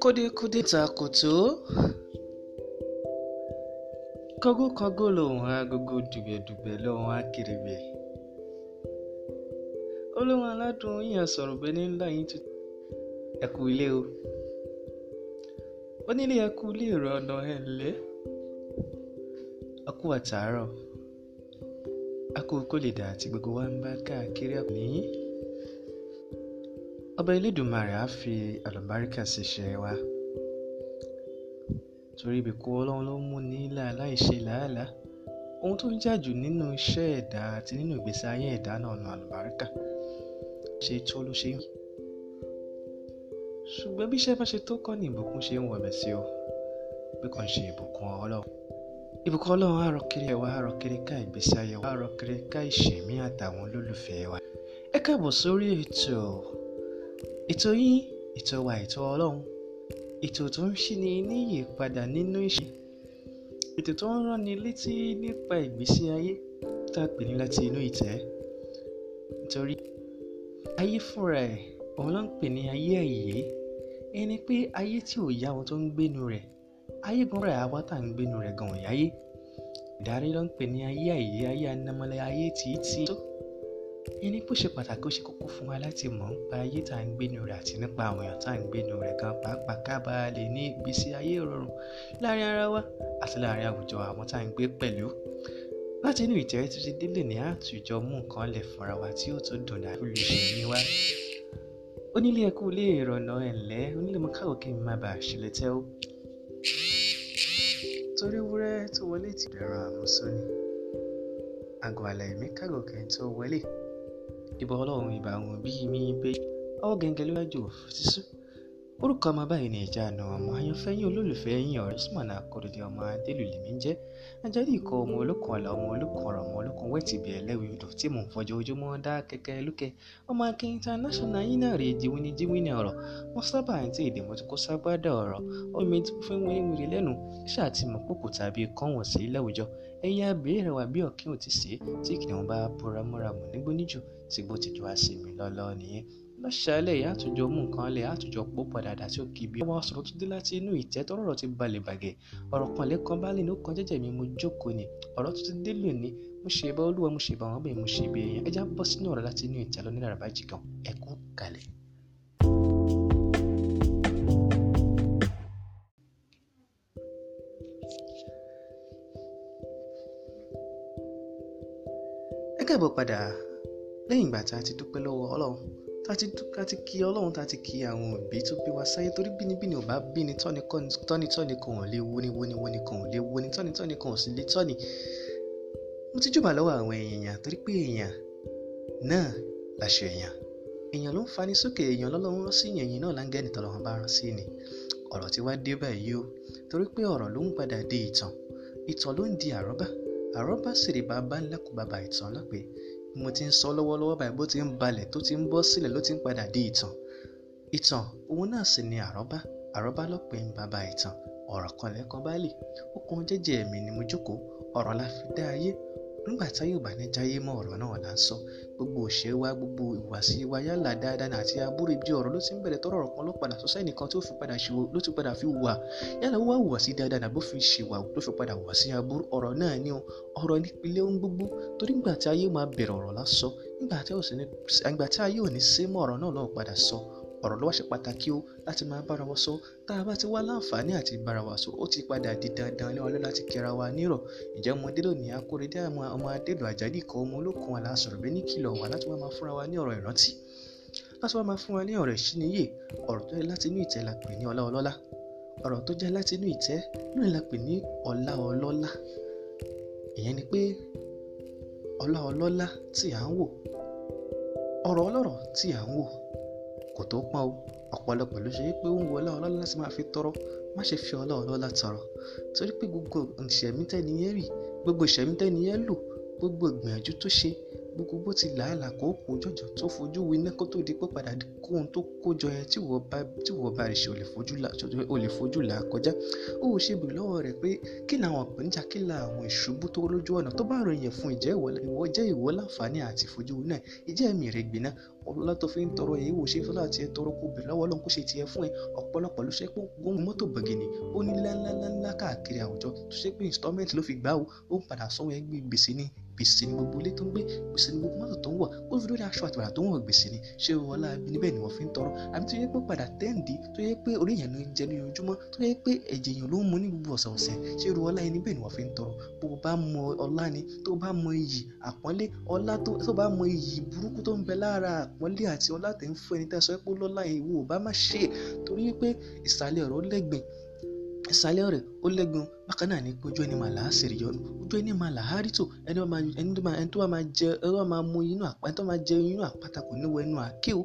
kodi kodi ta koto kogo kogo lo wa gogo dube dube lo wa kirebe olo wa la tu yin soro be ni la yin tu e ku ile o oni le ku ile ro do hele aku ataro aku ko le da ti gogo wa n ba ka kiri ni ọba elédùnmarè á fi àlùbáríkà sí iṣẹ́ wa torí ibi kó ọlọ́run ló mú ní láàláì ṣe làálàá ohun tó jà jù nínú iṣẹ́ ẹ̀dá àti nínú ìgbésí ayé ẹ̀dá náà nù àlùbáríkà ṣe tó ló ṣe yàn ṣùgbọ́n bí iṣẹ́ bá ṣe tó kọ́ ni ìbùkún ṣe ń wọ̀bẹ̀ sí o bí kò ń ṣe ìbùkún ọlọ́run ìbùkún ọlọ́run á rọ kiri ẹ̀wà á rọ kiri ká ìgbésí ayé wa á rọ kiri ká ìṣẹ̀mí àtàwọn olólùfẹ́ wa ẹ káàbọ̀ sórí ètò ètò yín ètò wa ètò ọlọ́run ètò tó ń ṣí ni níyì padà nínú ìṣe ètò tó ń ránni létí nípa ìgbésí ayé tá a pè ní láti inú ìtẹ́ nítorí ayé fúnra ẹ̀ òun ló ń pè ní ayé ẹ̀yẹ ẹni pé ayé tí ò yá ohun tó ń gbénu rẹ̀ ayé gan rẹ̀ àwa tá à ń gbénu rẹ̀ gan ò ìdarí ló ń pè ní ayé ẹ̀yẹ ayé anamọ́lẹ̀ ayé tìí tó ẹni bó ṣe pàtàkì ó ṣe kókó fún wa láti mọ̀ nípa ayé tá à ń gbénu rẹ̀ àti nípa àwọn èèyàn tá à ń gbénu rẹ̀ gan pàápàá ká a lè ní ìgbésí ayé ìrọ̀rùn láàrin ara wa àti láàrin àwùjọ àwọn tá à ń gbé pẹ̀lú láti inú ìtẹ́ tó ti délé ní àtúnjọ mú nǹkan lẹ̀ fúnra wa tí ó tó dùn náà olùṣèlú wa onílé ẹkú lè rọ̀nà ẹ̀lẹ́ onílé mo káwọ́ kí n má bàa ṣẹlẹ̀ tẹ́ ó torí wúrẹ́ tó wọlé ti dẹ̀rọ̀ àmúsọ àgọ́ àlàyé mi kágò kẹ́ni tó wọlé ìbọ̀ ọlọ́run ìbàrùn bíi mi pé ọwọ́ gẹ́gẹ́ ló yájò sísún orúkọ ọmọ báyìí ni ìjà àna ọmọ àyànfẹ́ yín olólùfẹ́ yín ọ̀rẹ́ súnmọ̀nà akọ̀ròdì ọmọ adélùlẹ̀mí jẹ́ ajáde ikọ̀ ọmọ olókun ọ̀la ọmọ olókun ọ̀rọ̀ ọmọ olókun wẹ́ẹ̀tì bẹ̀ ẹlẹ́wì odò tí mò ń fọjọ́ ojúmọ́ dá kẹ́kẹ́ lókè ọmọ akin international yín náà rèé jiwini jiwini ọ̀rọ̀ wọn sábà ń tí èdè mọ́tò kó sábàdà ọ̀rọ̀ omi fún wíwìrì lẹ́nu ṣáà ti mọ̀ pòkò tàbí kọ́wọ̀n sí láwùjọ ẹ̀yin abèrè wà bí ọ̀kín ò ti sè é tí kìnìún bá búra nígbóníjù tí gbó ti ju àṣìmí lọ́lọ́ nìyẹn láṣálẹ̀ àtúnjọ mú nǹkan lẹ̀ àtúnjọ pọ̀ padà dá sí òkè bí ọwọ́ sọ̀rọ̀ tó dé láti inú ìtẹ́ tọ́rọ̀ ti balẹ̀ bàgẹ́ ọ̀rọ̀ kan lẹ́kan bá lè ní ó jẹ́jẹ́ mi mo jókòó ni ọ̀rọ̀ tó ti dé lè ní mo ṣe bá olúwa mo ṣe bá wọn bẹ́ẹ̀ mo ṣe bí èèyàn ẹja bọ́ sínú ọ̀rọ̀ láti inú ìtẹ́ lọ ní làrabájì gan ẹ̀kú kalẹ̀. ẹ káàbọ̀ padà lẹ́yìn ìgbà tá a ti dúpẹ́ lọ́wọ́ ọlọ́run tati kí ọlọ́run tàti kí àwọn òbí tó bí wa sáyé torí bínibíni ò bá bíni tọ́nitọ́ni kan ò lè wóni wóni wóni kan ò lè wóni tọ́nitọ́ni kan ò sì lè tọ́ni. mo ti jùbà lọ́wọ́ àwọn èèyàn torí pé èèyàn náà láṣọ èèyàn èèyàn ló ń fani sókè èèyàn lọ́lọ́run rán sí èèyàn náà láńgẹ́ nìtọ́ lọ́wọ́n bá rán sí ni ọ̀rọ̀ tí wá dé báyìí o torí pé ọ̀rọ̀ ló ń padà di ìtàn ìtàn ló ń di àrọ́bá àrọ́bá sì rí bàbá ńlá kú bàbá ìtàn náà pé mo ti ń sọ lọ́wọ́lọ́wọ́ báyìí bó ti ń balẹ̀ tó ti ń bọ́ sílẹ̀ ló ti ń padà di ìtàn ìtàn òun náà sì ni àrọ́bá àrọ́bá lọ́pẹ́ ń bàbá ìtàn ọ̀rọ̀ kan lẹ́kọ̀ọ́ báàlì ó kún jẹ́jẹ́ mi ni mo jókòó ọ̀rọ̀ la fi dá ayé nígbà tí yóò bá ní jáyé mọ́ ọ̀rọ̀ náà là ń sọ gbogbo òṣè wa gbogbo ìwàsí wa yálà dáadáa àti aburú ibi ọ̀rọ̀ ló ti ń bẹ̀rẹ̀ tọ́rọ̀ ọ̀rọ̀ kan ló padà sọ́sẹ́ nìkan tó fi padà ṣe ló ti padà fi wà yálà ó wá hùwàsí dáadáa nàbó fi ṣèwà ló fi padà hùwàsí aburú ọ̀rọ̀ náà ni ọ̀rọ̀ nípìnlẹ̀ ohun gbogbo torí nígbà ayé máa bẹ̀rẹ̀ ọ̀rọ̀ lásọ nígbà tí ayé ò ní sí mọ́ ọ̀rọ̀ náà lọ́ọ́ padà sọ ọ̀rọ̀ ló wá ṣe pàtàkì o láti máa bára wa sọ tá a bá ti wá láǹfààní àti bára wa sọ ó ti padà di dandan lé wa lọ́la láti kíra wa nírọ̀ ìjẹ́ ọmọdé lónìí akóredé àwọn ọmọ adédò àjálì kan ọmọ olókun àlàsọ̀rọ̀ bẹ́ẹ̀ ní kìlọ̀ wà láti wá máa fúnra wa ní ọ̀rọ̀ ìrántí láti wá máa fún wa ní ọ̀rọ̀ ìṣíníyè ọ̀rọ̀ tó yẹ láti inú ìtẹ́ la pè ní ọlá ọ̀rọ̀ tó jẹ́ láti inú ìtẹ́ lónìí la pè ní ọlá ìyẹn ni pé ọlá tí à ń wò ọ̀rọ̀ ọlọ́rọ̀ tí à ń wò kò tó pọ́n o ọ̀pọ̀lọpọ̀ ló ṣe wípé ó ń wo ọlá ọlọ́lá láti máa fi tọrọ má ṣe fi ọlá ọlọ́lá tọrọ torí pé gbogbo ìṣẹ̀mí tẹ́niyẹn rì gbogbo ìṣẹ̀mí tẹ́niyẹn lò gbogbo ìgbìyànjú tó ṣe gbogbo bó ti làálà kó kó jọjọ tó fojú winá kó tó di pé padà kó ohun tó kó jọ yẹn tí wọ́n bá tí wọ́n bá rè ṣe ò lè fojú là á kọjá ó ò ṣe bèrè lọ́wọ́ rẹ̀ pé kí ni àwọn ìpèníjà kí la àwọn ìṣubú tó lójú ọ̀nà tó bá ròyìn fún ìjẹ́ ìwọ jẹ́ ìwọ láǹfààní àti fojú winá ìjẹ́ mi rẹ̀ gbiná ọlọ́lá tó fi ń tọrọ èyí wò ṣe fọlá àti ẹ tọrọ kó bẹ̀rẹ̀ lọ́wọ́ ọlọ́run kó ṣe tiẹ̀ fún ẹ ọ̀pọ̀lọpọ̀ ló ṣe pé ó ń mọ́tò bọ̀gìnì ó ní ńláńláńlá káàkiri àwùjọ tó ṣe pé installment ló fi gbà ó ó ń padà sanwó ẹgbẹ́ gbèsè ni gbèsè ni gbogbo ilé tó ń gbé gbèsè ni gbogbo mọ́tò tó ń wọ̀ ó fi lórí aṣọ àtìwàrà tó ń wọ̀ gbèsè ni ṣé wọlá níbẹ̀ ni wọ́n fi ń tọrọ àbí tó yẹ pé padà tẹ́ǹdì tó yẹ pé orí èèyàn ló ń jẹ ní ojúmọ́ tó yẹ pé ẹ̀jẹ̀ èèyàn ló ń mu ní gbogbo ọ̀sẹ̀ọ̀sẹ̀ ṣé wọlá níbẹ̀ ni wọ́n fi ń tọrọ bó o bá mọ ọlá ni tó bá mọ iyì àpọ́nlé ọlá tó bá mọ iyì burúkú tó ń bẹ lára àpọ́nlé àti ọlá tẹ̀ ń fún ẹni tẹ́ sọ pé lọ́lá yẹn ìwọ ò bá má ṣe torí pé ìsàlẹ̀ ọ̀rọ̀ lẹ́gbìn ìsàlẹ̀ ọ̀rẹ́ ó lẹ́gun bákan náà ní pé ojú ẹni màlá àṣírí yọnu ojú ẹni màlá àárítò ẹni tó bá máa jẹ ẹni tó máa mu inú àpáta tó máa jẹ inú àpáta kò ní wọ ẹnu àké o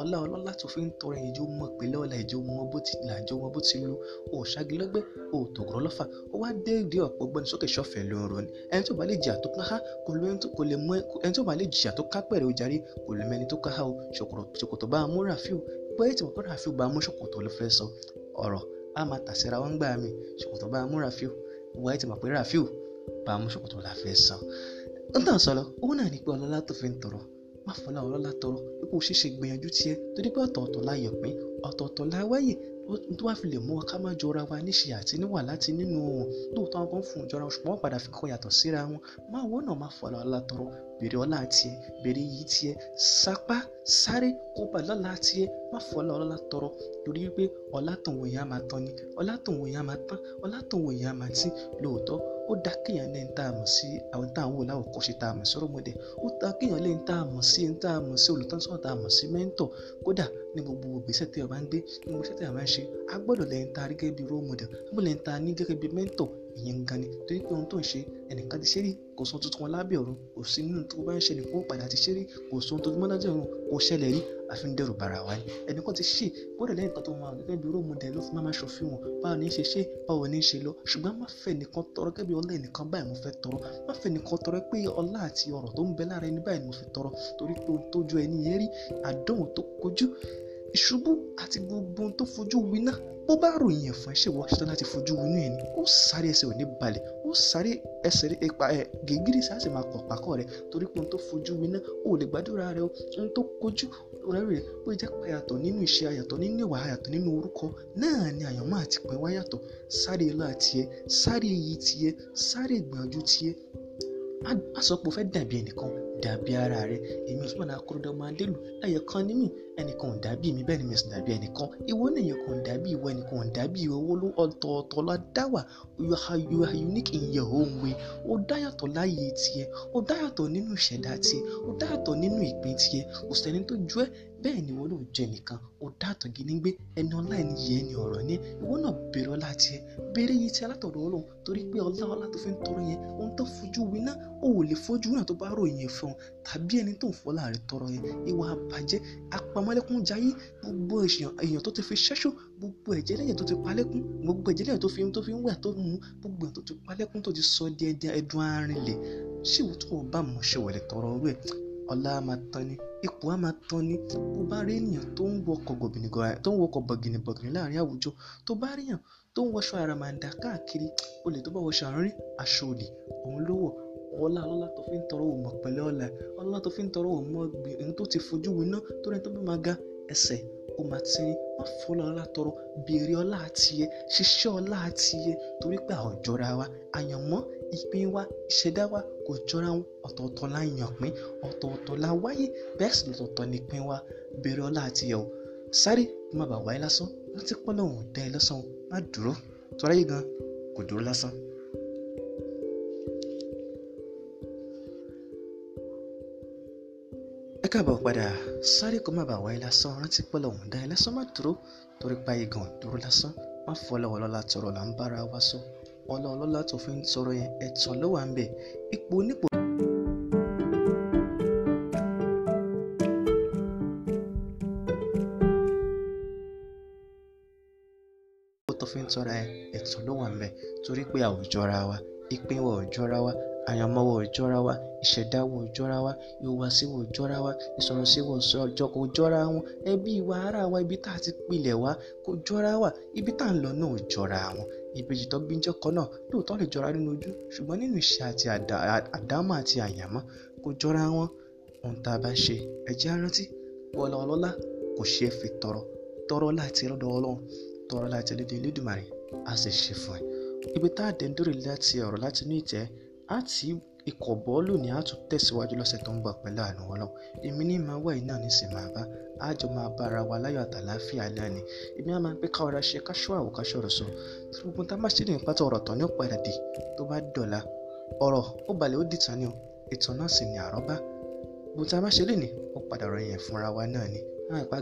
ọlá ọlọ́lá tó fi ń tọrọ ìjó mọ ìpínlẹ̀ ọ̀la ìjó mọ bó ti là ìjó mọ bó ti lu o ṣagilọ́gbẹ́ o tòkùrọ̀ lọ́fà ó wá dé ìdí ọ̀pọ̀ gbọ́ni sókè ṣọ́fẹ̀ lóorùn ni ẹni tó bá lè jìyà tó káhá kò lè mọ ẹni tó bá lè jìyà tó ká pẹ̀rẹ̀ ojàre kò lè mẹni tó káhá o ṣòkòtò bá amúra fíò pé ètò ìkọ́ra fíò bá amúṣòkòtò ló fẹ́ a máa tàṣíra wọn gbà mí ṣòkòtò bá mú Rafiu ìwà ẹ̀ ti mọ̀ pé Rafiu bá mú ṣòkòtò la fẹ́ san ń tàn sọ lọ owó náà ní pé ọlọ́lá tó fi ń tọrọ má fọlá ọlọ́lá tọrọ ipò ṣíṣe gbìyànjú tiẹ̀ torí pé ọ̀tọ̀ọ̀tọ̀ la yọ̀ pín ọ̀tọ̀ọ̀tọ̀ la wáyè tó wá fi lè mú wa ká má jọra wa níṣe àti níwà láti nínú òun lóòótọ́ àwọn kan fún ìjọra wọn ṣùgbọ́n wọ́n padà fi kọ́ yàtọ̀ síra wọn má wọ́n náà má fọlá ọlọ́lá tọrọ bèrè ọlá tiẹ̀ bèrè iyì tiẹ̀ sapá sáré kópa lọ́la tiẹ̀ má fọlá ọlá tọrọ torí wípé ọlá tàn wò yá máa tán ni ọlá tàn wò yá máa tán ọlá tàn wò yá máa tín lóòótọ́ ó dá kéèyàn lẹ́yìn tá a mọ̀ sí àwọn tá a wò láwọn kọ́ṣe tá a mọ̀ sí ọ̀rọ̀mọdé ó dá kéèyàn lẹ́yìn tá a mọ̀ sí ẹni tá a mọ̀ sí olùtọ́sọ́nà tá a mọ̀ sí mẹ́ńtọ̀ kódà ní gbogbo ìgbésẹ̀ tí a bá ń gbé ní gbogbo ìgbésẹ̀ tí a máa ń ṣe a gbọ́dọ̀ lẹ́yìn tá a rí gẹ́gẹ́ bí role model a gbọ́dọ̀ lẹ́yìn tá a ní gẹ́gẹ́ bí mẹ́ńtọ̀ ìyẹn gan ni torí pé ohun tó ń ṣe ẹnìkan ti ṣe rí kò sọ tuntun wọn lábẹ́ ọ̀run kò sí nínú tó bá ń ṣẹlẹ̀ fún padà ti ṣe rí kò sọ ohun tó ti mọ́nájà ọ̀run kò ṣẹlẹ̀ rí àfi ń dẹrù bàrà wá ni ẹnìkan ti ṣe kódà lẹ́yìn kan tó máa gẹ́gẹ́ bí róòmù dẹ̀ ló fi máa ṣòfin wọn báwo ní í ṣe ṣe báwo ní í ṣe lọ ṣùgbọ́n má fẹ́ nìkan tọrọ gẹ́gẹ́ bí ọlá ẹnìkan báyìí mo fẹ́ tọrọ má fẹ́ nìkan tọrọ pé ọlá àti ọrọ̀ tó ń bẹ lára ẹni báyìí mo fẹ́ tọrọ torí pé ohun tó ju ẹni yẹn rí àdóhùn tó kojú ìṣubú àti gbogbo ohun tó fojú winá bó bá ròyìn ẹ̀fọn ṣe wọ́n ṣetán láti fojú winú ẹ̀ ni ó sáré ẹsẹ̀ ò ní balẹ̀ ó sáré ẹsẹ̀ ipa ẹ̀ gègìrì sáà máa kọ̀ pàkọ́ rẹ̀ torí pé ohun tó fojú winá ò lè gbàdúrà rẹ̀ o ohun tó kojú rẹ̀ rẹ̀ bó jẹ́ pé àyàtọ̀ nínú ìṣe àyàtọ̀ nínú ìwà àyàtọ̀ nínú orúkọ náà ni àyànmọ́ àti pẹ̀ wáyàtọ̀ sáré ilá tiẹ̀ sáré iyì tiẹ̀ sáré ìgbìyànjú tiẹ̀ má sọ pé o fẹ́ dàbí ẹnìkan dàbí ara rẹ̀ èmi Usman Akérèdọ́lù Adélù ẹ̀yọ̀ kan ní mí ẹnìkan ò dàbí mi bẹ́ẹ̀ ni mi sì dàbí ẹnìkan ìwọ nìyẹn kò ń dàbí ìwọ ẹnìkan ò dàbí ìwọ owó ló ọ̀tọ̀ọ̀tọ̀ la dá you are you are unique in your own way ó dáyàtọ̀ láàyè tiẹ̀ ó dáyàtọ̀ nínú ìṣẹ̀dá tiẹ̀ ó dáyàtọ̀ nínú ìpín tiẹ̀ kò sẹ́ni tó ju ẹ́ bẹ́ẹ̀ ni ìwọ náà jẹ nìkan ó dáàtọ̀ gínígbé ẹni ọlá ẹni yẹ ẹni ọ̀rọ̀ ní ìwọ náà béèrè ọlá tiẹ̀ béèrè yìí tí alátọ̀rọ̀ ọlọ́run torí pé ọlá ọlá tó fi ń tọrọ yẹn ohun tó fojú winá ó ò lè fojú náà tó bá ròyìn fún un tàbí ẹni tó ń fọlá rẹ̀ tọrọ yẹn ìwà àbàjẹ́ apam Mọ́lẹ́kún jayé gbogbo èèyàn tó ti fi ṣẹ́ṣù gbogbo ẹ̀jẹ̀ lẹ́yìn tó ti palẹ́kún gbogbo ẹ̀jẹ̀ lẹ́yìn tó fi tó fi ń wẹ̀ tó mu gbogbo ẹ̀ tó ti palẹ́kún tó ti sọ di ẹ̀dẹ̀ ẹ̀dùn arìnlẹ̀ ṣìwò tó wọ́n bá mọ̀ ṣe wẹ̀lẹ̀ tọrọ rẹ̀ ọlá máa tán ni ipò á máa tán ni bó bá rí ènìyàn tó ń wọkọ̀ bọ̀gìnìbọ̀gìnì láàrin àwùjọ tó bá ríyàn tó ń wọṣọ àràmàǹdà káàkiri olè tó bá wọṣọ àárín aṣọ òdì òun ló wọ̀ ọlá ọlọ́lá tó fi ń tọrọ òmò pẹ̀lẹ́ ọ̀la ọlọ́lá tó fi ń tọrọ òmò gbìn ohun tó ti fojú winá tó rẹ tó bí máa ga ẹsẹ̀ ó máa ti ń má fọlọ́ ọlá tọrọ béèrè ọlá àti yẹ ṣiṣẹ́ ọlá àti yẹ torí pé àwọn wa àyànmọ́ ìpín wa ìṣẹ̀dá wa kò jọra wọn ọ̀tọ̀ọ̀tọ̀ la yàn pín ọ̀tọ̀ọ̀tọ̀ la wáyé bẹ́ẹ̀ sì lọ̀tọ̀ọ̀tọ̀ nípín wa béèrè ọlá àti yẹ o sáré má bàa wáyé lásán rántí pọ́nlọ́hùn dá ẹ lọ́sàn má dúró tọ́ra yìí gan kò dúró lásán. ẹ káàbọ̀ padà sáré kó má bàa wáyé lásán rántí pé lọ́wọ́ ń dá ẹ lásán má dúró torí pa igan dúró lásán má fọ lọ́wọ́ lọ́la tọrọ là ń bára wa sọ ọlọ́ ọlọ́lá tó fi ń tọrọ yẹn ẹ̀tàn ló wà ń bẹ̀ ipò onípò. tó fi ń tọrọ ẹ̀tàn ló wà ń bẹ̀ torí pé àwùjọra wa ìpínwọ̀ ọ̀jọ́ra wa àyànmọ́ wò jọra wa ìṣẹ̀dá wo jọra wa ìhùwàsí wò jọra wa ìsọ̀rọ̀sí wò jọ kò jọra wọn ẹbí wa ara wa ibi tá a ti pilẹ̀ wa kò jọra wa ibi tá a ń lọ náà ò jọra wọn ìbejì tó bí ń jẹ́ kan náà lóòótọ́ lè jọra nínú ojú ṣùgbọ́n nínú ìṣe àti àdámọ̀ àti àyànmọ́ kò jọra wọn ohun tá a bá ṣe ẹ̀jẹ̀ arántí wọlé ọlọ́lá kò ṣe é fi tọrọ tọrọ láti lọ́dọ̀ ọlọ́run tọrọ láti àti ikọ̀ bọ́ọ̀lù ni a tún tẹ̀síwájú lọ́sẹ̀ tó ń bọ̀ pẹ̀lú àánú ọlọ́run èmi ní máa wá iná ní sìn máa bá a jọ máa bára wa láyọ̀ àtàláfíà náà ni èmi á máa pé ká ọ̀rá ṣe ká àwò ká ṣọ̀rọ̀ sọ gbogbo tá a má ṣe ní ìpàtà ọ̀rọ̀ tán ní ó padà dé tó bá dọ̀la ọ̀rọ̀ ó balẹ̀ ó dìtàn ni o ìtàn náà sì ni àrọ́bá ohun tí a bá ṣe lè ní ó padà rọ yẹn fúnra wa náà ni àwọn ìpa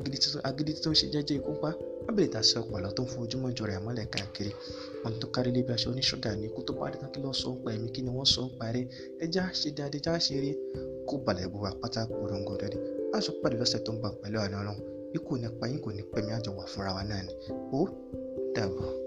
agídí tó ń ṣe jẹ́jẹ́ ikú pa wọ́n bèrè tà sí ọ̀pọ̀lọ́ tó ń fún ojúmọ́ jọrọ ẹ̀ mọ́lẹ̀ káàkiri wọn tó kárí lébi aṣọ oníṣọ́dà ní ikú tó bá dé kí lọ́ sọ ń pa ẹ̀mí kí ni wọ́n sọ ń parẹ́ ẹja ṣe dáadé já ṣe rí kó balẹ̀ bu àpáta korongo rẹ̀ á pàdé lọ́sẹ̀ tó ń bọ̀ pẹ̀lú àná ọlọ́run ikú nípa yín kò ní pẹ́mi àjọwà fúnra wa náà ni ó dàbọ̀.